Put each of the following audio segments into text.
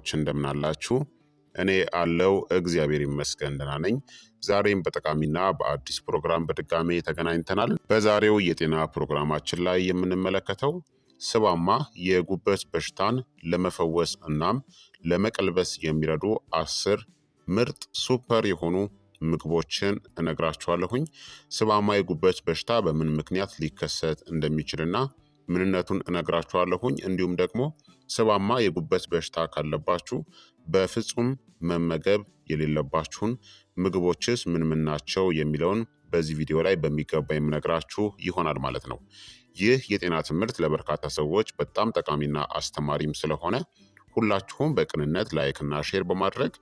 ሰዎች እንደምናላችሁ እኔ አለው እግዚአብሔር ይመስገን ደህና ነኝ። ዛሬም በጠቃሚና በአዲስ ፕሮግራም በድጋሜ ተገናኝተናል። በዛሬው የጤና ፕሮግራማችን ላይ የምንመለከተው ስባማ የጉበት በሽታን ለመፈወስ እናም ለመቀልበስ የሚረዱ አስር ምርጥ ሱፐር የሆኑ ምግቦችን እነግራችኋለሁኝ። ስባማ የጉበት በሽታ በምን ምክንያት ሊከሰት እንደሚችልና ምንነቱን እነግራችኋለሁኝ። እንዲሁም ደግሞ ስባማ የጉበት በሽታ ካለባችሁ በፍጹም መመገብ የሌለባችሁን ምግቦችስ ምን ምን ናቸው የሚለውን በዚህ ቪዲዮ ላይ በሚገባ የምነግራችሁ ይሆናል ማለት ነው። ይህ የጤና ትምህርት ለበርካታ ሰዎች በጣም ጠቃሚና አስተማሪም ስለሆነ ሁላችሁም በቅንነት ላይክና ሼር በማድረግ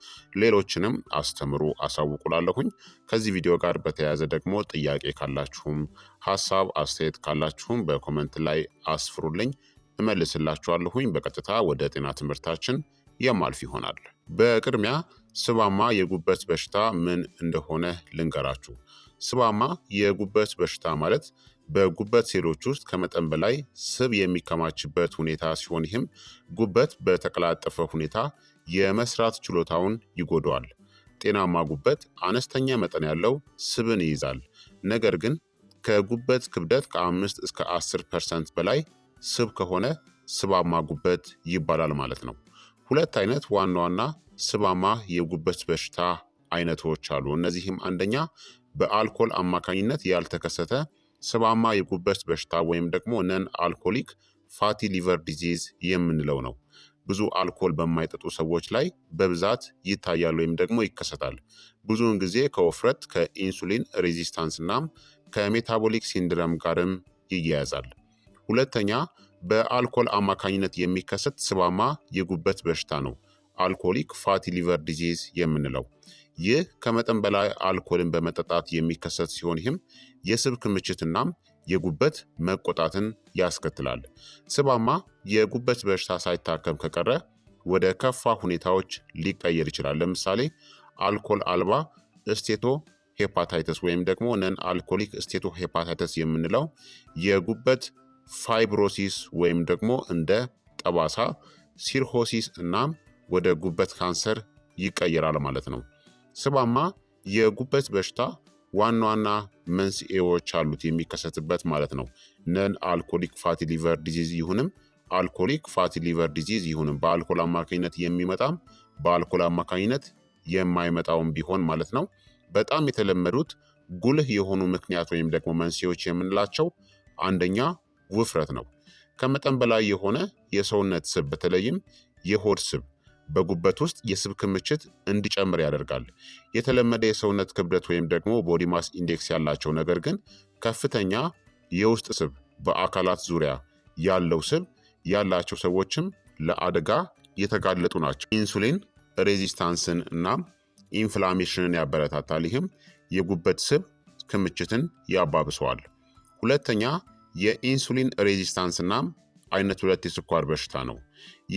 ሌሎችንም አስተምሩ አሳውቁላለሁኝ። ከዚህ ቪዲዮ ጋር በተያያዘ ደግሞ ጥያቄ ካላችሁም ሀሳብ አስተያየት ካላችሁም በኮመንት ላይ አስፍሩልኝ እመልስላችኋለሁኝ። በቀጥታ ወደ ጤና ትምህርታችን የማልፍ ይሆናል። በቅድሚያ ስባማ የጉበት በሽታ ምን እንደሆነ ልንገራችሁ። ስባማ የጉበት በሽታ ማለት በጉበት ሴሎች ውስጥ ከመጠን በላይ ስብ የሚከማችበት ሁኔታ ሲሆን ይህም ጉበት በተቀላጠፈ ሁኔታ የመስራት ችሎታውን ይጎደዋል። ጤናማ ጉበት አነስተኛ መጠን ያለው ስብን ይይዛል፣ ነገር ግን ከጉበት ክብደት ከአምስት እስከ አስር ፐርሰንት በላይ ስብ ከሆነ ስባማ ጉበት ይባላል ማለት ነው። ሁለት አይነት ዋና ዋና ስባማ የጉበት በሽታ አይነቶች አሉ። እነዚህም አንደኛ በአልኮል አማካኝነት ያልተከሰተ ስባማ የጉበት በሽታ ወይም ደግሞ ነን አልኮሊክ ፋቲ ሊቨር ዲዚዝ የምንለው ነው። ብዙ አልኮል በማይጠጡ ሰዎች ላይ በብዛት ይታያል ወይም ደግሞ ይከሰታል። ብዙውን ጊዜ ከውፍረት ከኢንሱሊን ሬዚስታንስ እናም ከሜታቦሊክ ሲንድረም ጋርም ይያያዛል። ሁለተኛ በአልኮል አማካኝነት የሚከሰት ስባማ የጉበት በሽታ ነው፣ አልኮሊክ ፋቲ ሊቨር ዲዚዝ የምንለው ይህ ከመጠን በላይ አልኮልን በመጠጣት የሚከሰት ሲሆን ይህም የስብ ክምችትናም የጉበት መቆጣትን ያስከትላል። ስባማ የጉበት በሽታ ሳይታከም ከቀረ ወደ ከፋ ሁኔታዎች ሊቀየር ይችላል። ለምሳሌ አልኮል አልባ እስቴቶ ሄፓታይተስ ወይም ደግሞ ነን አልኮሊክ እስቴቶ ሄፓታይተስ የምንለው የጉበት ፋይብሮሲስ ወይም ደግሞ እንደ ጠባሳ ሲርሆሲስ እናም ወደ ጉበት ካንሰር ይቀየራል ማለት ነው። ስባማ የጉበት በሽታ ዋና ዋና መንስኤዎች አሉት የሚከሰትበት ማለት ነው። ነን አልኮሊክ ፋቲ ሊቨር ዲዚዝ ይሁንም አልኮሊክ ፋቲ ሊቨር ዲዚዝ ይሁንም በአልኮል አማካኝነት የሚመጣም በአልኮል አማካኝነት የማይመጣውም ቢሆን ማለት ነው። በጣም የተለመዱት ጉልህ የሆኑ ምክንያት ወይም ደግሞ መንስኤዎች የምንላቸው አንደኛ ውፍረት ነው። ከመጠን በላይ የሆነ የሰውነት ስብ በተለይም የሆድ ስብ በጉበት ውስጥ የስብ ክምችት እንዲጨምር ያደርጋል። የተለመደ የሰውነት ክብደት ወይም ደግሞ ቦዲ ማስ ኢንዴክስ ያላቸው ነገር ግን ከፍተኛ የውስጥ ስብ በአካላት ዙሪያ ያለው ስብ ያላቸው ሰዎችም ለአደጋ የተጋለጡ ናቸው። ኢንሱሊን ሬዚስታንስን እናም ኢንፍላሜሽንን ያበረታታል። ይህም የጉበት ስብ ክምችትን ያባብሰዋል። ሁለተኛ የኢንሱሊን ሬዚስታንስ እናም አይነት ሁለት የስኳር በሽታ ነው።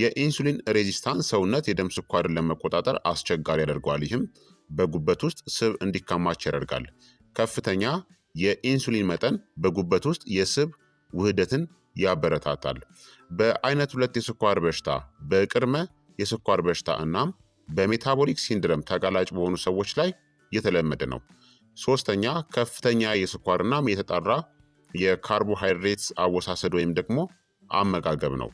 የኢንሱሊን ሬዚስታንስ ሰውነት የደም ስኳርን ለመቆጣጠር አስቸጋሪ ያደርገዋል። ይህም በጉበት ውስጥ ስብ እንዲከማች ያደርጋል። ከፍተኛ የኢንሱሊን መጠን በጉበት ውስጥ የስብ ውህደትን ያበረታታል። በአይነት ሁለት የስኳር በሽታ፣ በቅድመ የስኳር በሽታ እናም በሜታቦሊክ ሲንድረም ተጋላጭ በሆኑ ሰዎች ላይ የተለመደ ነው። ሶስተኛ ከፍተኛ የስኳርናም የተጣራ የካርቦሃይድሬትስ አወሳሰድ ወይም ደግሞ አመጋገብ ነው።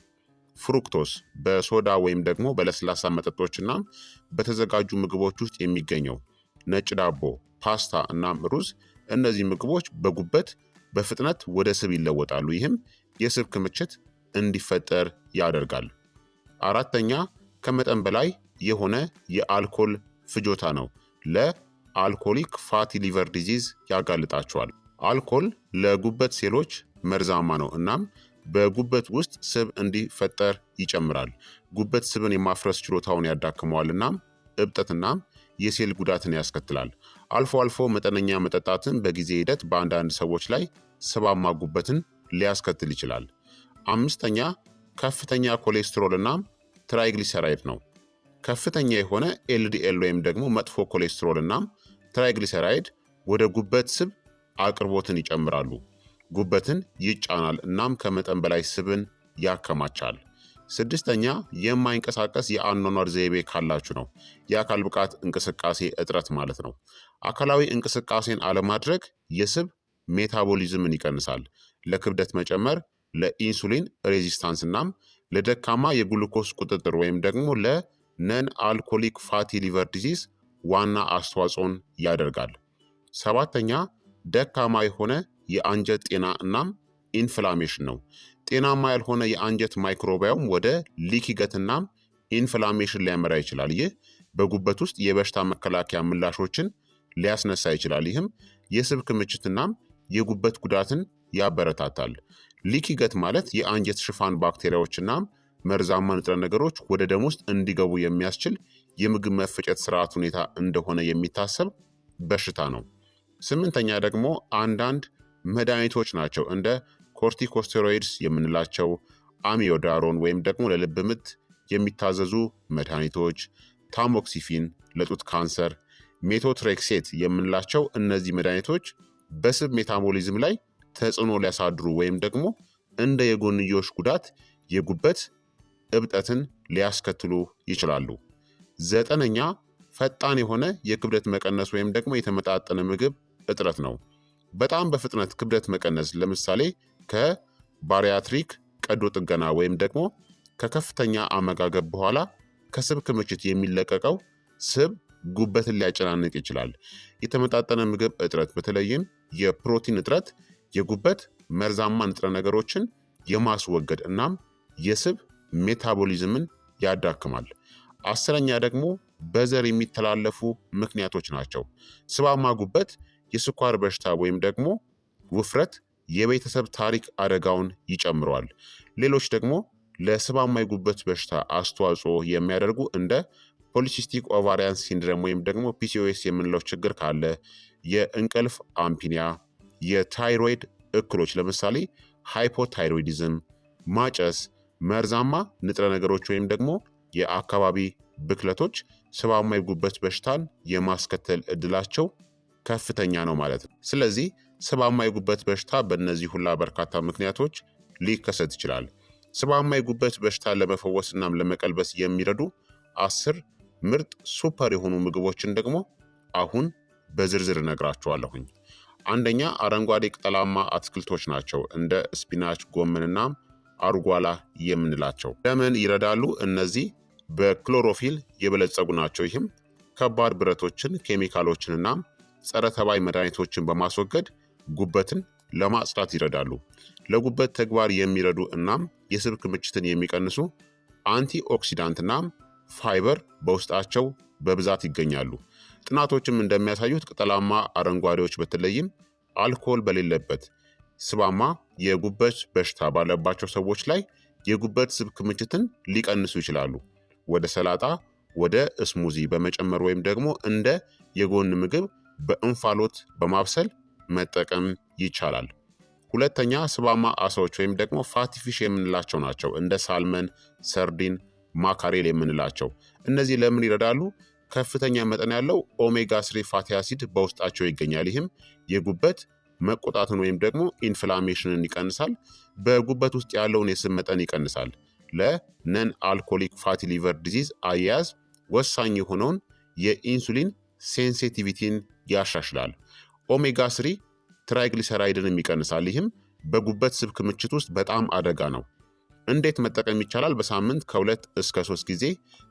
ፍሩክቶስ በሶዳ ወይም ደግሞ በለስላሳ መጠጦችና በተዘጋጁ ምግቦች ውስጥ የሚገኘው ነጭ ዳቦ፣ ፓስታ እናም ሩዝ እነዚህ ምግቦች በጉበት በፍጥነት ወደ ስብ ይለወጣሉ። ይህም የስብ ክምችት እንዲፈጠር ያደርጋል። አራተኛ ከመጠን በላይ የሆነ የአልኮል ፍጆታ ነው። ለአልኮሊክ ፋቲ ሊቨር ዲዚዝ ያጋልጣቸዋል። አልኮል ለጉበት ሴሎች መርዛማ ነው እናም በጉበት ውስጥ ስብ እንዲፈጠር ይጨምራል። ጉበት ስብን የማፍረስ ችሎታውን ያዳክመዋል እናም እብጠትና የሴል ጉዳትን ያስከትላል። አልፎ አልፎ መጠነኛ መጠጣትን በጊዜ ሂደት በአንዳንድ ሰዎች ላይ ስባማ ጉበትን ሊያስከትል ይችላል። አምስተኛ ከፍተኛ ኮሌስትሮል እናም ትራይግሊሰራይድ ነው። ከፍተኛ የሆነ ኤልዲኤል ወይም ደግሞ መጥፎ ኮሌስትሮል እናም ትራይግሊሰራይድ ወደ ጉበት ስብ አቅርቦትን ይጨምራሉ። ጉበትን ይጫናል እናም ከመጠን በላይ ስብን ያከማቻል። ስድስተኛ የማይንቀሳቀስ የአኗኗር ዘይቤ ካላችሁ ነው። የአካል ብቃት እንቅስቃሴ እጥረት ማለት ነው። አካላዊ እንቅስቃሴን አለማድረግ የስብ ሜታቦሊዝምን ይቀንሳል። ለክብደት መጨመር፣ ለኢንሱሊን ሬዚስታንስ እናም ለደካማ የግሉኮስ ቁጥጥር ወይም ደግሞ ለነን አልኮሊክ ፋቲ ሊቨር ዲዚዝ ዋና አስተዋጽኦን ያደርጋል። ሰባተኛ ደካማ የሆነ የአንጀት ጤና እናም ኢንፍላሜሽን ነው። ጤናማ ያልሆነ የአንጀት ማይክሮባዮም ወደ ሊኪገትና እናም ኢንፍላሜሽን ሊያመራ ይችላል። ይህ በጉበት ውስጥ የበሽታ መከላከያ ምላሾችን ሊያስነሳ ይችላል። ይህም የስብ ክምችትናም የጉበት ጉዳትን ያበረታታል። ሊኪገት ማለት የአንጀት ሽፋን ባክቴሪያዎችናም መርዛማ ንጥረ ነገሮች ወደ ደም ውስጥ እንዲገቡ የሚያስችል የምግብ መፈጨት ስርዓት ሁኔታ እንደሆነ የሚታሰብ በሽታ ነው። ስምንተኛ ደግሞ አንዳንድ መድኃኒቶች ናቸው። እንደ ኮርቲኮስቴሮይድስ የምንላቸው አሚዮዳሮን ወይም ደግሞ ለልብ ምት የሚታዘዙ መድኃኒቶች፣ ታሞክሲፊን ለጡት ካንሰር፣ ሜቶትሬክሴት የምንላቸው እነዚህ መድኃኒቶች በስብ ሜታቦሊዝም ላይ ተጽዕኖ ሊያሳድሩ ወይም ደግሞ እንደ የጎንዮሽ ጉዳት የጉበት እብጠትን ሊያስከትሉ ይችላሉ። ዘጠነኛ ፈጣን የሆነ የክብደት መቀነስ ወይም ደግሞ የተመጣጠነ ምግብ እጥረት ነው። በጣም በፍጥነት ክብደት መቀነስ ለምሳሌ ከባሪያትሪክ ቀዶ ጥገና ወይም ደግሞ ከከፍተኛ አመጋገብ በኋላ ከስብ ክምችት የሚለቀቀው ስብ ጉበትን ሊያጨናንቅ ይችላል። የተመጣጠነ ምግብ እጥረት በተለይም የፕሮቲን እጥረት የጉበት መርዛማ ንጥረ ነገሮችን የማስወገድ እናም የስብ ሜታቦሊዝምን ያዳክማል። አስረኛ ደግሞ በዘር የሚተላለፉ ምክንያቶች ናቸው። ስባማ ጉበት የስኳር በሽታ ወይም ደግሞ ውፍረት የቤተሰብ ታሪክ አደጋውን ይጨምረዋል። ሌሎች ደግሞ ለስባማ የጉበት በሽታ አስተዋጽኦ የሚያደርጉ እንደ ፖሊሲስቲክ ኦቫሪያን ሲንድረም ወይም ደግሞ ፒሲኦኤስ የምንለው ችግር ካለ፣ የእንቅልፍ አምፒኒያ፣ የታይሮይድ እክሎች ለምሳሌ ሃይፖታይሮይዲዝም፣ ማጨስ፣ መርዛማ ንጥረ ነገሮች ወይም ደግሞ የአካባቢ ብክለቶች ስባማ የጉበት በሽታን የማስከተል እድላቸው ከፍተኛ ነው ማለት ነው። ስለዚህ ስባማ የጉበት በሽታ በእነዚህ ሁላ በርካታ ምክንያቶች ሊከሰት ይችላል። ስባማ የጉበት በሽታ ለመፈወስ እናም ለመቀልበስ የሚረዱ አስር ምርጥ ሱፐር የሆኑ ምግቦችን ደግሞ አሁን በዝርዝር እነግራችኋለሁኝ። አንደኛ አረንጓዴ ቅጠላማ አትክልቶች ናቸው። እንደ ስፒናች፣ ጎመንና አርጓላ የምንላቸው ለምን ይረዳሉ? እነዚህ በክሎሮፊል የበለጸጉ ናቸው። ይህም ከባድ ብረቶችን ኬሚካሎችንና ጸረ ተባይ መድኃኒቶችን በማስወገድ ጉበትን ለማጽዳት ይረዳሉ። ለጉበት ተግባር የሚረዱ እናም የስብ ክምችትን የሚቀንሱ አንቲ ኦክሲዳንት እናም ፋይበር በውስጣቸው በብዛት ይገኛሉ። ጥናቶችም እንደሚያሳዩት ቅጠላማ አረንጓዴዎች በተለይም አልኮል በሌለበት ስባማ የጉበት በሽታ ባለባቸው ሰዎች ላይ የጉበት ስብ ክምችትን ሊቀንሱ ይችላሉ። ወደ ሰላጣ፣ ወደ እስሙዚ በመጨመር ወይም ደግሞ እንደ የጎን ምግብ በእንፋሎት በማብሰል መጠቀም ይቻላል። ሁለተኛ ስባማ አሳዎች ወይም ደግሞ ፋቲፊሽ የምንላቸው ናቸው። እንደ ሳልመን፣ ሰርዲን፣ ማካሬል የምንላቸው እነዚህ ለምን ይረዳሉ? ከፍተኛ መጠን ያለው ኦሜጋ ስሪ ፋቲ አሲድ በውስጣቸው ይገኛል። ይህም የጉበት መቆጣትን ወይም ደግሞ ኢንፍላሜሽንን ይቀንሳል። በጉበት ውስጥ ያለውን የስብ መጠን ይቀንሳል። ለነን አልኮሊክ ፋቲ ሊቨር ዲዚዝ አያያዝ ወሳኝ የሆነውን የኢንሱሊን ሴንሲቲቪቲን ያሻሽላል። ኦሜጋ ስሪ ትራይግሊሰራይድንም ይቀንሳል። ይህም በጉበት ስብ ክምችት ውስጥ በጣም አደጋ ነው። እንዴት መጠቀም ይቻላል? በሳምንት ከሁለት እስከ ሶስት ጊዜ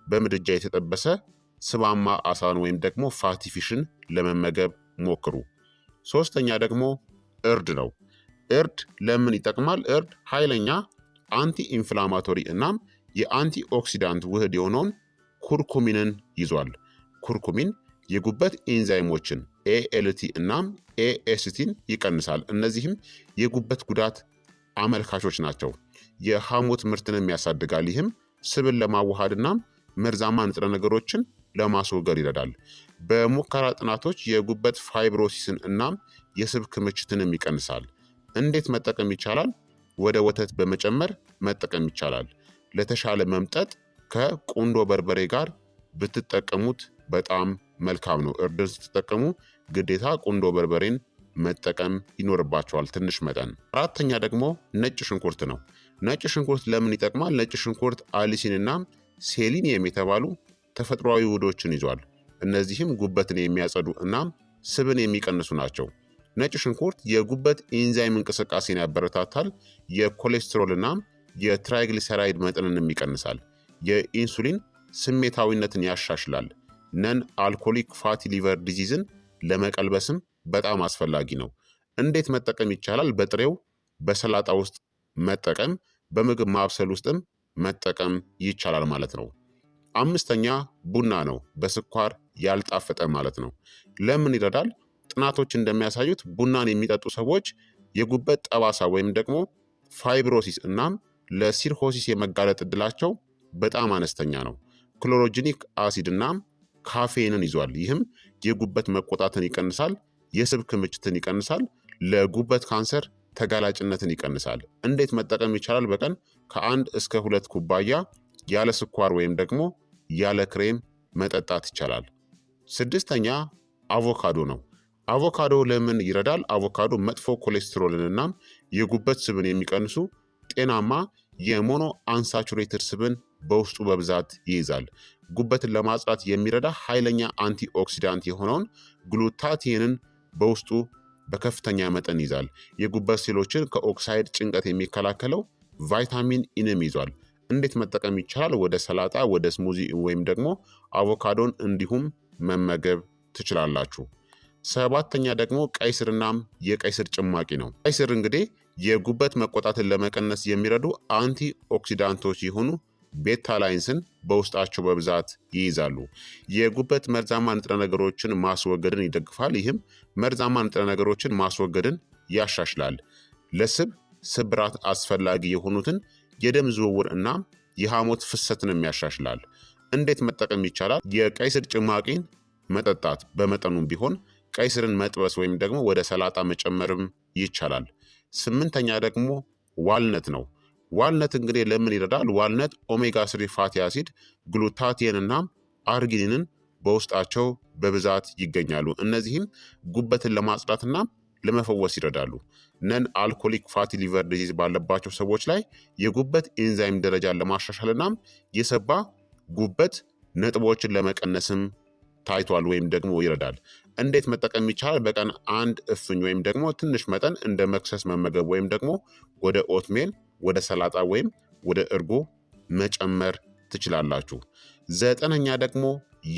በምድጃ የተጠበሰ ስባማ አሳን ወይም ደግሞ ፋቲፊሽን ለመመገብ ሞክሩ። ሶስተኛ ደግሞ እርድ ነው። እርድ ለምን ይጠቅማል? እርድ ኃይለኛ አንቲ ኢንፍላማቶሪ እናም የአንቲ ኦክሲዳንት ውህድ የሆነውን ኩርኩሚንን ይዟል። ኩርኩሚን የጉበት ኤንዛይሞችን ኤኤልቲ እናም ኤኤስቲን ይቀንሳል። እነዚህም የጉበት ጉዳት አመልካቾች ናቸው። የሐሞት ምርትንም ያሳድጋል። ይህም ስብን ለማዋሃድ እናም መርዛማ ንጥረ ነገሮችን ለማስወገድ ይረዳል። በሙከራ ጥናቶች የጉበት ፋይብሮሲስን እናም የስብ ክምችትንም ይቀንሳል። እንዴት መጠቀም ይቻላል? ወደ ወተት በመጨመር መጠቀም ይቻላል። ለተሻለ መምጠጥ ከቁንዶ በርበሬ ጋር ብትጠቀሙት በጣም መልካም ነው። እርድን ስትጠቀሙ ግዴታ ቁንዶ በርበሬን መጠቀም ይኖርባቸዋል ትንሽ መጠን። አራተኛ ደግሞ ነጭ ሽንኩርት ነው። ነጭ ሽንኩርት ለምን ይጠቅማል? ነጭ ሽንኩርት አሊሲንና ሴሊኒየም የተባሉ ተፈጥሯዊ ውህዶችን ይዟል። እነዚህም ጉበትን የሚያጸዱ እናም ስብን የሚቀንሱ ናቸው። ነጭ ሽንኩርት የጉበት ኢንዛይም እንቅስቃሴን ያበረታታል። የኮሌስትሮል እናም የትራይግሊሰራይድ መጠንንም ይቀንሳል። የኢንሱሊን ስሜታዊነትን ያሻሽላል። ነን አልኮሊክ ፋቲ ሊቨር ዲዚዝን ለመቀልበስም በጣም አስፈላጊ ነው። እንዴት መጠቀም ይቻላል? በጥሬው በሰላጣ ውስጥ መጠቀም፣ በምግብ ማብሰል ውስጥም መጠቀም ይቻላል ማለት ነው። አምስተኛ ቡና ነው፣ በስኳር ያልጣፈጠ ማለት ነው። ለምን ይረዳል? ጥናቶች እንደሚያሳዩት ቡናን የሚጠጡ ሰዎች የጉበት ጠባሳ ወይም ደግሞ ፋይብሮሲስ እናም ለሲርሆሲስ የመጋለጥ እድላቸው በጣም አነስተኛ ነው። ክሎሮጂኒክ አሲድ እናም ካፌንን ይዟል። ይህም የጉበት መቆጣትን ይቀንሳል፣ የስብ ክምችትን ይቀንሳል፣ ለጉበት ካንሰር ተጋላጭነትን ይቀንሳል። እንዴት መጠቀም ይቻላል? በቀን ከአንድ እስከ ሁለት ኩባያ ያለ ስኳር ወይም ደግሞ ያለ ክሬም መጠጣት ይቻላል። ስድስተኛ አቮካዶ ነው። አቮካዶ ለምን ይረዳል? አቮካዶ መጥፎ ኮሌስትሮልን እናም የጉበት ስብን የሚቀንሱ ጤናማ የሞኖ አንሳቹሬትድ ስብን በውስጡ በብዛት ይይዛል። ጉበትን ለማጽዳት የሚረዳ ኃይለኛ አንቲ ኦክሲዳንት የሆነውን ግሉታቲንን በውስጡ በከፍተኛ መጠን ይዛል። የጉበት ሴሎችን ከኦክሳይድ ጭንቀት የሚከላከለው ቫይታሚን ኢንም ይዟል። እንዴት መጠቀም ይቻላል? ወደ ሰላጣ፣ ወደ ስሙዚ ወይም ደግሞ አቮካዶን እንዲሁም መመገብ ትችላላችሁ። ሰባተኛ ደግሞ ቀይ ስርናም የቀይ ስር ጭማቂ ነው። ቀይ ስር እንግዲህ የጉበት መቆጣትን ለመቀነስ የሚረዱ አንቲ ኦክሲዳንቶች የሆኑ ቤታ ላይንስን በውስጣቸው በብዛት ይይዛሉ። የጉበት መርዛማ ንጥረ ነገሮችን ማስወገድን ይደግፋል። ይህም መርዛማ ንጥረ ነገሮችን ማስወገድን ያሻሽላል። ለስብ ስብራት አስፈላጊ የሆኑትን የደም ዝውውር እና የሐሞት ፍሰትንም ያሻሽላል። እንዴት መጠቀም ይቻላል? የቀይ ስር ጭማቂን መጠጣት በመጠኑም ቢሆን ቀይ ስርን መጥበስ ወይም ደግሞ ወደ ሰላጣ መጨመርም ይቻላል። ስምንተኛ ደግሞ ዋልነት ነው። ዋልነት እንግዲህ ለምን ይረዳል? ዋልነት ኦሜጋ ስሪ ፋቲ አሲድ ግሉታቲየን እና አርጊኒንን በውስጣቸው በብዛት ይገኛሉ። እነዚህም ጉበትን ለማጽዳትና ለመፈወስ ይረዳሉ። ነን አልኮሊክ ፋቲ ሊቨር ዲዚዝ ባለባቸው ሰዎች ላይ የጉበት ኤንዛይም ደረጃን ለማሻሻል እናም የሰባ ጉበት ነጥቦችን ለመቀነስም ታይቷል ወይም ደግሞ ይረዳል። እንዴት መጠቀም ይቻላል? በቀን አንድ እፍኝ ወይም ደግሞ ትንሽ መጠን እንደ መክሰስ መመገብ ወይም ደግሞ ወደ ኦትሜል ወደ ሰላጣ ወይም ወደ እርጎ መጨመር ትችላላችሁ። ዘጠነኛ ደግሞ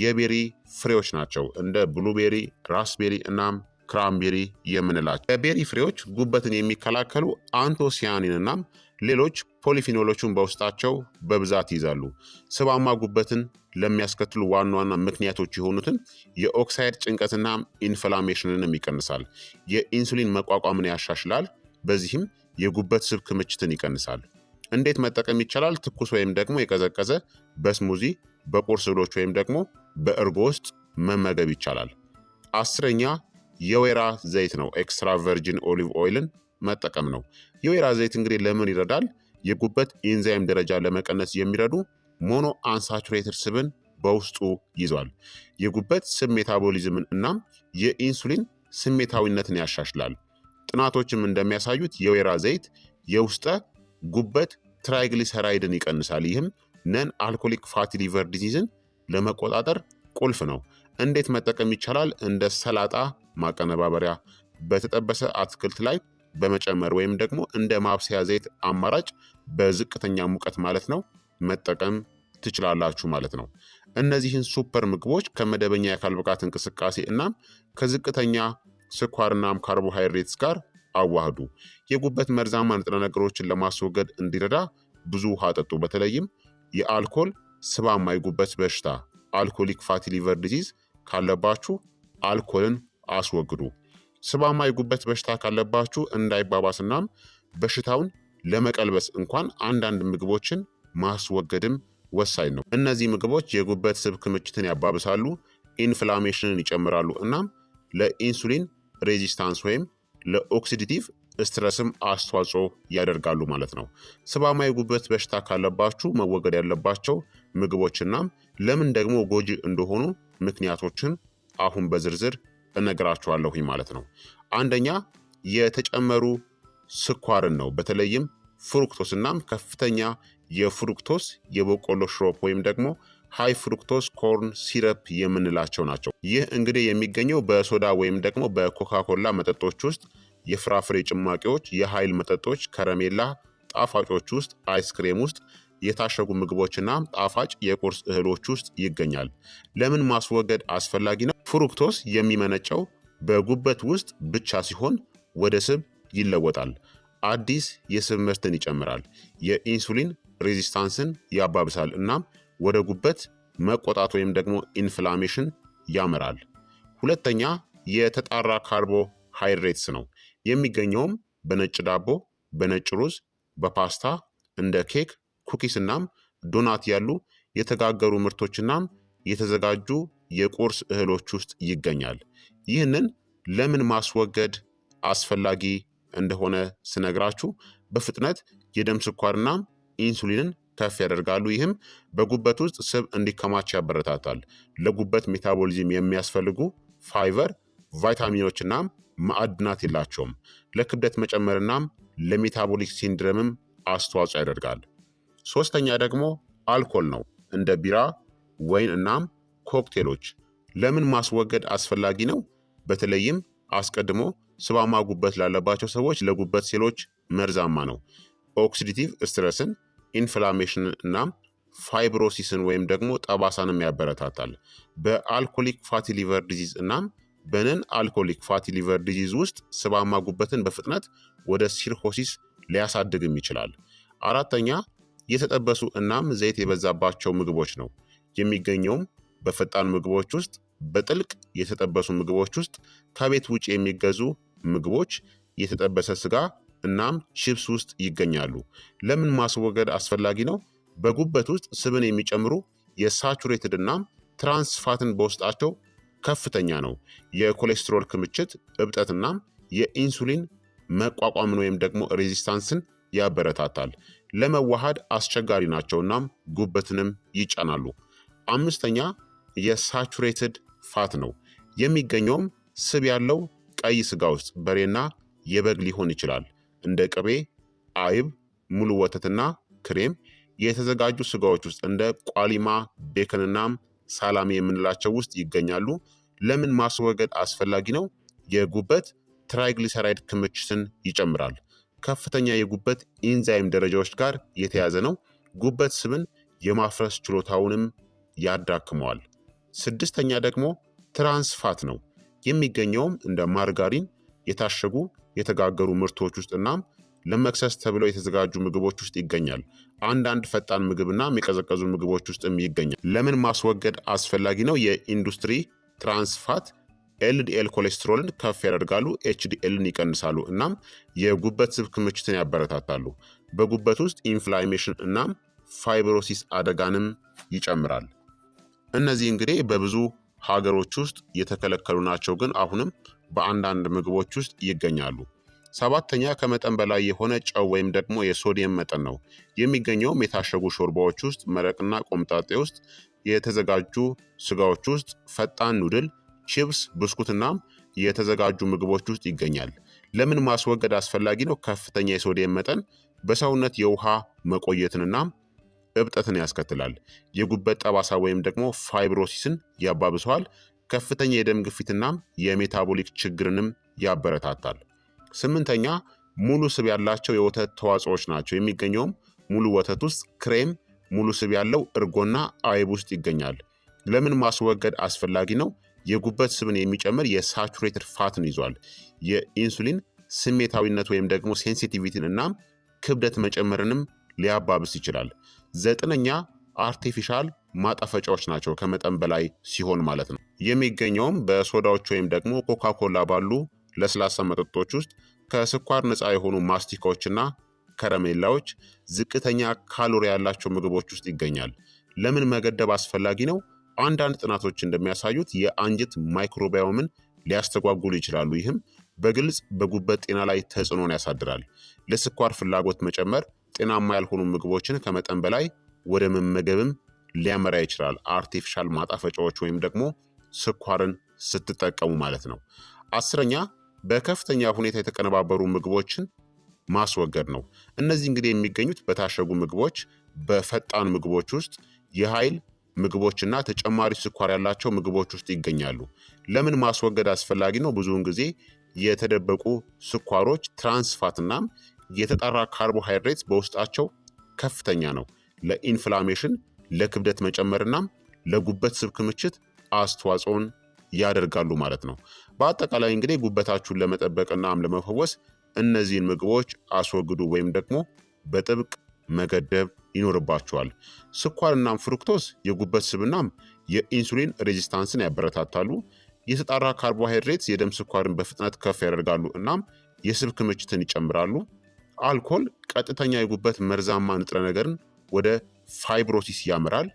የቤሪ ፍሬዎች ናቸው። እንደ ብሉቤሪ፣ ራስቤሪ እናም ክራምቤሪ የምንላቸው የቤሪ ፍሬዎች ጉበትን የሚከላከሉ አንቶሲያኒን እናም ሌሎች ፖሊፊኖሎቹን በውስጣቸው በብዛት ይይዛሉ። ስባማ ጉበትን ለሚያስከትሉ ዋና ዋና ምክንያቶች የሆኑትን የኦክሳይድ ጭንቀትና ኢንፍላሜሽንንም ይቀንሳል። የኢንሱሊን መቋቋምን ያሻሽላል። በዚህም የጉበት ስብ ክምችትን ይቀንሳል። እንዴት መጠቀም ይቻላል? ትኩስ ወይም ደግሞ የቀዘቀዘ በስሙዚ በቁርስ እህሎች ወይም ደግሞ በእርጎ ውስጥ መመገብ ይቻላል። አስረኛ የወይራ ዘይት ነው። ኤክስትራ ቨርጂን ኦሊቭ ኦይልን መጠቀም ነው። የወይራ ዘይት እንግዲህ ለምን ይረዳል? የጉበት ኢንዛይም ደረጃ ለመቀነስ የሚረዱ ሞኖ አንሳቹሬትድ ስብን በውስጡ ይዟል። የጉበት ስብ ሜታቦሊዝምን እናም የኢንሱሊን ስሜታዊነትን ያሻሽላል። ጥናቶችም እንደሚያሳዩት የወይራ ዘይት የውስጠ ጉበት ትራይግሊሰራይድን ይቀንሳል። ይህም ነን አልኮሊክ ፋቲ ሊቨር ዲዚዝን ለመቆጣጠር ቁልፍ ነው። እንዴት መጠቀም ይቻላል? እንደ ሰላጣ ማቀነባበሪያ በተጠበሰ አትክልት ላይ በመጨመር ወይም ደግሞ እንደ ማብሰያ ዘይት አማራጭ በዝቅተኛ ሙቀት ማለት ነው መጠቀም ትችላላችሁ ማለት ነው። እነዚህን ሱፐር ምግቦች ከመደበኛ የአካል ብቃት እንቅስቃሴ እናም ከዝቅተኛ ስኳርናም ካርቦሃይድሬትስ ጋር አዋህዱ። የጉበት መርዛማ ንጥረ ነገሮችን ለማስወገድ እንዲረዳ ብዙ ውሃ ጠጡ። በተለይም የአልኮል ስባማ የጉበት በሽታ አልኮሊክ ፋቲ ሊቨር ዲዚዝ ካለባችሁ አልኮልን አስወግዱ። ስባማ የጉበት በሽታ ካለባችሁ እንዳይባባስና በሽታውን ለመቀልበስ እንኳን አንዳንድ ምግቦችን ማስወገድም ወሳኝ ነው። እነዚህ ምግቦች የጉበት ስብ ክምችትን ያባብሳሉ፣ ኢንፍላሜሽንን ይጨምራሉ እናም ለኢንሱሊን ሬዚስታንስ ወይም ለኦክሲዲቲቭ ስትረስም አስተዋጽኦ ያደርጋሉ ማለት ነው። ስባማ የጉበት በሽታ ካለባችሁ መወገድ ያለባቸው ምግቦችና ለምን ደግሞ ጎጂ እንደሆኑ ምክንያቶችን አሁን በዝርዝር እነግራችኋለሁኝ ማለት ነው። አንደኛ የተጨመሩ ስኳርን ነው። በተለይም ፍሩክቶስ እናም ከፍተኛ የፍሩክቶስ የበቆሎ ሽሮፕ ወይም ደግሞ ሃይ ፍሩክቶስ ኮርን ሲረፕ የምንላቸው ናቸው። ይህ እንግዲህ የሚገኘው በሶዳ ወይም ደግሞ በኮካኮላ መጠጦች ውስጥ፣ የፍራፍሬ ጭማቂዎች፣ የኃይል መጠጦች፣ ከረሜላ ጣፋጮች ውስጥ፣ አይስክሬም ውስጥ፣ የታሸጉ ምግቦችና ጣፋጭ የቁርስ እህሎች ውስጥ ይገኛል። ለምን ማስወገድ አስፈላጊ ነው? ፍሩክቶስ የሚመነጨው በጉበት ውስጥ ብቻ ሲሆን ወደ ስብ ይለወጣል። አዲስ የስብ ምርትን ይጨምራል። የኢንሱሊን ሬዚስታንስን ያባብሳል እናም ወደ ጉበት መቆጣት ወይም ደግሞ ኢንፍላሜሽን ያመራል። ሁለተኛ የተጣራ ካርቦሃይድሬትስ ነው። የሚገኘውም በነጭ ዳቦ፣ በነጭ ሩዝ፣ በፓስታ እንደ ኬክ፣ ኩኪስ እናም ዶናት ያሉ የተጋገሩ ምርቶችናም የተዘጋጁ የቁርስ እህሎች ውስጥ ይገኛል። ይህንን ለምን ማስወገድ አስፈላጊ እንደሆነ ስነግራችሁ በፍጥነት የደም ስኳርና ኢንሱሊንን ከፍ ያደርጋሉ። ይህም በጉበት ውስጥ ስብ እንዲከማች ያበረታታል። ለጉበት ሜታቦሊዝም የሚያስፈልጉ ፋይበር፣ ቫይታሚኖች እናም ማዕድናት የላቸውም። ለክብደት መጨመር እናም ለሜታቦሊክ ሲንድረምም አስተዋጽኦ ያደርጋል። ሶስተኛ ደግሞ አልኮል ነው። እንደ ቢራ፣ ወይን እናም ኮክቴሎች ለምን ማስወገድ አስፈላጊ ነው? በተለይም አስቀድሞ ስባማ ጉበት ላለባቸው ሰዎች ለጉበት ሴሎች መርዛማ ነው። ኦክሲዲቲቭ ስትረስን ኢንፍላሜሽን እና ፋይብሮሲስን ወይም ደግሞ ጠባሳንም ያበረታታል። በአልኮሊክ ፋቲ ሊቨር ዲዚዝ እናም በነን አልኮሊክ ፋቲ ሊቨር ዲዚዝ ውስጥ ስባማ ጉበትን በፍጥነት ወደ ሲርኮሲስ ሊያሳድግም ይችላል። አራተኛ የተጠበሱ እናም ዘይት የበዛባቸው ምግቦች ነው። የሚገኘውም በፈጣን ምግቦች ውስጥ፣ በጥልቅ የተጠበሱ ምግቦች ውስጥ፣ ከቤት ውጭ የሚገዙ ምግቦች፣ የተጠበሰ ስጋ እናም ቺፕስ ውስጥ ይገኛሉ። ለምን ማስወገድ አስፈላጊ ነው? በጉበት ውስጥ ስብን የሚጨምሩ የሳቹሬትድ እናም ትራንስ ፋትን በውስጣቸው ከፍተኛ ነው። የኮሌስትሮል ክምችት፣ እብጠት እናም የኢንሱሊን መቋቋምን ወይም ደግሞ ሬዚስታንስን ያበረታታል። ለመዋሃድ አስቸጋሪ ናቸው እናም ጉበትንም ይጫናሉ። አምስተኛ የሳቹሬትድ ፋት ነው። የሚገኘውም ስብ ያለው ቀይ ስጋ ውስጥ በሬና የበግ ሊሆን ይችላል። እንደ ቅቤ፣ አይብ፣ ሙሉ ወተትና ክሬም የተዘጋጁ ስጋዎች ውስጥ እንደ ቋሊማ፣ ቤከንናም ሳላሚ የምንላቸው ውስጥ ይገኛሉ። ለምን ማስወገድ አስፈላጊ ነው? የጉበት ትራይግሊሰራይድ ክምችትን ይጨምራል። ከፍተኛ የጉበት ኢንዛይም ደረጃዎች ጋር የተያዘ ነው። ጉበት ስብን የማፍረስ ችሎታውንም ያዳክመዋል። ስድስተኛ ደግሞ ትራንስፋት ነው። የሚገኘውም እንደ ማርጋሪን፣ የታሸጉ የተጋገሩ ምርቶች ውስጥ እናም ለመክሰስ ተብለው የተዘጋጁ ምግቦች ውስጥ ይገኛል። አንዳንድ ፈጣን ምግብና የቀዘቀዙ ምግቦች ውስጥም ይገኛል። ለምን ማስወገድ አስፈላጊ ነው? የኢንዱስትሪ ትራንስፋት ኤልዲኤል ኮሌስትሮልን ከፍ ያደርጋሉ፣ ኤችዲኤልን ይቀንሳሉ፣ እናም የጉበት ስብ ክምችትን ያበረታታሉ። በጉበት ውስጥ ኢንፍላሜሽን እናም ፋይብሮሲስ አደጋንም ይጨምራል። እነዚህ እንግዲህ በብዙ ሀገሮች ውስጥ የተከለከሉ ናቸው፣ ግን አሁንም በአንዳንድ ምግቦች ውስጥ ይገኛሉ። ሰባተኛ ከመጠን በላይ የሆነ ጨው ወይም ደግሞ የሶዲየም መጠን ነው። የሚገኘውም የታሸጉ ሾርባዎች ውስጥ፣ መረቅና ቆምጣጤ ውስጥ፣ የተዘጋጁ ስጋዎች ውስጥ፣ ፈጣን ኑድል፣ ቺፕስ፣ ብስኩትናም የተዘጋጁ ምግቦች ውስጥ ይገኛል። ለምን ማስወገድ አስፈላጊ ነው? ከፍተኛ የሶዲየም መጠን በሰውነት የውሃ መቆየትንና እብጠትን ያስከትላል። የጉበት ጠባሳ ወይም ደግሞ ፋይብሮሲስን ያባብሰዋል። ከፍተኛ የደም ግፊትና የሜታቦሊክ ችግርንም ያበረታታል። ስምንተኛ ሙሉ ስብ ያላቸው የወተት ተዋጽኦዎች ናቸው። የሚገኘውም ሙሉ ወተት ውስጥ ክሬም፣ ሙሉ ስብ ያለው እርጎና አይብ ውስጥ ይገኛል። ለምን ማስወገድ አስፈላጊ ነው? የጉበት ስብን የሚጨምር የሳቹሬትድ ፋትን ይዟል። የኢንሱሊን ስሜታዊነት ወይም ደግሞ ሴንሲቲቪቲን እናም ክብደት መጨመርንም ሊያባብስ ይችላል። ዘጠነኛ አርቲፊሻል ማጣፈጫዎች ናቸው ከመጠን በላይ ሲሆን ማለት ነው። የሚገኘውም በሶዳዎች ወይም ደግሞ ኮካኮላ ባሉ ለስላሳ መጠጦች ውስጥ ከስኳር ነፃ የሆኑ ማስቲካዎችና ከረሜላዎች፣ ዝቅተኛ ካሎሪ ያላቸው ምግቦች ውስጥ ይገኛል። ለምን መገደብ አስፈላጊ ነው? አንዳንድ ጥናቶች እንደሚያሳዩት የአንጀት ማይክሮባዮምን ሊያስተጓጉሉ ይችላሉ። ይህም በግልጽ በጉበት ጤና ላይ ተጽዕኖን ያሳድራል። ለስኳር ፍላጎት መጨመር ጤናማ ያልሆኑ ምግቦችን ከመጠን በላይ ወደ መመገብም ሊያመራ ይችላል። አርቲፊሻል ማጣፈጫዎች ወይም ደግሞ ስኳርን ስትጠቀሙ ማለት ነው። አስረኛ በከፍተኛ ሁኔታ የተቀነባበሩ ምግቦችን ማስወገድ ነው። እነዚህ እንግዲህ የሚገኙት በታሸጉ ምግቦች፣ በፈጣን ምግቦች ውስጥ የኃይል ምግቦችና ተጨማሪ ስኳር ያላቸው ምግቦች ውስጥ ይገኛሉ። ለምን ማስወገድ አስፈላጊ ነው? ብዙውን ጊዜ የተደበቁ ስኳሮች ትራንስፋትናም የተጣራ ካርቦሃይድሬት በውስጣቸው ከፍተኛ ነው። ለኢንፍላሜሽን ለክብደት መጨመርና ለጉበት ስብ ክምችት አስተዋጽኦን ያደርጋሉ ማለት ነው። በአጠቃላይ እንግዲህ ጉበታችሁን ለመጠበቅናም ለመፈወስ እነዚህን ምግቦች አስወግዱ ወይም ደግሞ በጥብቅ መገደብ ይኖርባቸዋል። ስኳርናም ፍሩክቶስ የጉበት ስብናም የኢንሱሊን ሬዚስታንስን ያበረታታሉ። የተጣራ ካርቦሃይድሬት የደም ስኳርን በፍጥነት ከፍ ያደርጋሉ እናም የስብ ክምችትን ይጨምራሉ። አልኮል ቀጥተኛ የጉበት መርዛማ ንጥረ ነገርን ወደ ፋይብሮሲስ ያምራል።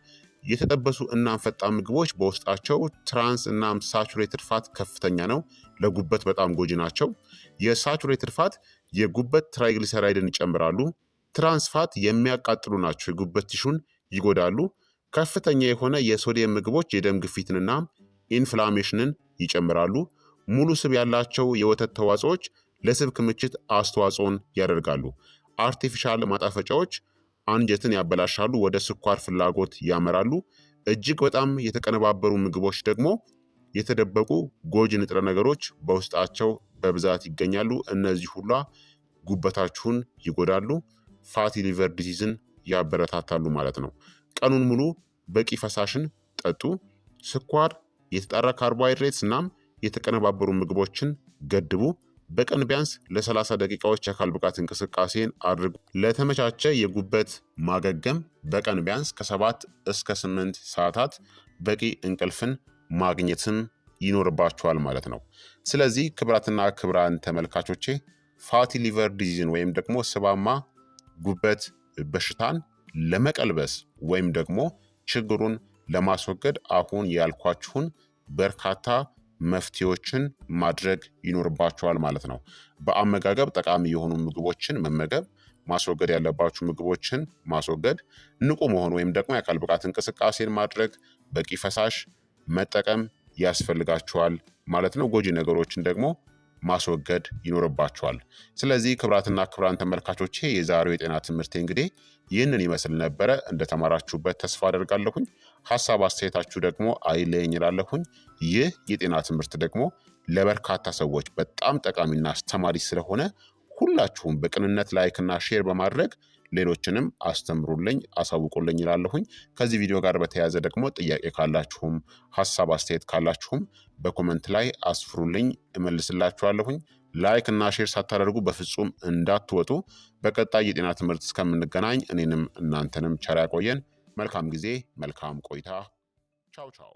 የተጠበሱ እናም ፈጣን ምግቦች በውስጣቸው ትራንስ እናም ሳቹሬትድ ፋት ከፍተኛ ነው፣ ለጉበት በጣም ጎጂ ናቸው። የሳቹሬትድ ፋት የጉበት ትራይግሊሰራይድን ይጨምራሉ። ትራንስ ፋት የሚያቃጥሉ ናቸው፣ የጉበት ቲሹን ይጎዳሉ። ከፍተኛ የሆነ የሶዲየም ምግቦች የደም ግፊትንና ኢንፍላሜሽንን ይጨምራሉ። ሙሉ ስብ ያላቸው የወተት ተዋጽኦች ለስብ ክምችት አስተዋጽኦን ያደርጋሉ። አርቲፊሻል ማጣፈጫዎች አንጀትን ያበላሻሉ፣ ወደ ስኳር ፍላጎት ያመራሉ። እጅግ በጣም የተቀነባበሩ ምግቦች ደግሞ የተደበቁ ጎጂ ንጥረ ነገሮች በውስጣቸው በብዛት ይገኛሉ። እነዚህ ሁላ ጉበታችሁን ይጎዳሉ፣ ፋቲ ሊቨር ዲዚዝን ያበረታታሉ ማለት ነው። ቀኑን ሙሉ በቂ ፈሳሽን ጠጡ። ስኳር፣ የተጣራ ካርቦሃይድሬትስ እናም የተቀነባበሩ ምግቦችን ገድቡ። በቀን ቢያንስ ለ30 ደቂቃዎች የአካል ብቃት እንቅስቃሴን አድርጉ። ለተመቻቸ የጉበት ማገገም በቀን ቢያንስ ከ7 እስከ 8 ሰዓታት በቂ እንቅልፍን ማግኘትም ይኖርባችኋል ማለት ነው። ስለዚህ ክብራትና ክብራን ተመልካቾቼ ፋቲ ሊቨር ዲዚዝን ወይም ደግሞ ስባማ ጉበት በሽታን ለመቀልበስ ወይም ደግሞ ችግሩን ለማስወገድ አሁን ያልኳችሁን በርካታ መፍትሄዎችን ማድረግ ይኖርባቸዋል ማለት ነው። በአመጋገብ ጠቃሚ የሆኑ ምግቦችን መመገብ፣ ማስወገድ ያለባችሁ ምግቦችን ማስወገድ፣ ንቁ መሆን ወይም ደግሞ የአካል ብቃት እንቅስቃሴን ማድረግ፣ በቂ ፈሳሽ መጠቀም ያስፈልጋቸዋል ማለት ነው። ጎጂ ነገሮችን ደግሞ ማስወገድ ይኖርባቸዋል። ስለዚህ ክብራትና ክብራን ተመልካቾቼ የዛሬው የጤና ትምህርቴ እንግዲህ ይህንን ይመስል ነበረ። እንደተማራችሁበት ተስፋ አደርጋለሁኝ። ሀሳብ አስተያየታችሁ ደግሞ አይለየኝ እላለሁኝ። ይህ የጤና ትምህርት ደግሞ ለበርካታ ሰዎች በጣም ጠቃሚና አስተማሪ ስለሆነ ሁላችሁም በቅንነት ላይክና ሼር በማድረግ ሌሎችንም አስተምሩልኝ፣ አሳውቁልኝ ይላለሁኝ። ከዚህ ቪዲዮ ጋር በተያያዘ ደግሞ ጥያቄ ካላችሁም ሀሳብ አስተያየት ካላችሁም በኮመንት ላይ አስፍሩልኝ፣ እመልስላችኋለሁኝ። ላይክ እና ሼር ሳታደርጉ በፍጹም እንዳትወጡ። በቀጣይ የጤና ትምህርት እስከምንገናኝ እኔንም እናንተንም ቸር ያቆየን። መልካም ጊዜ፣ መልካም ቆይታ። ቻው ቻው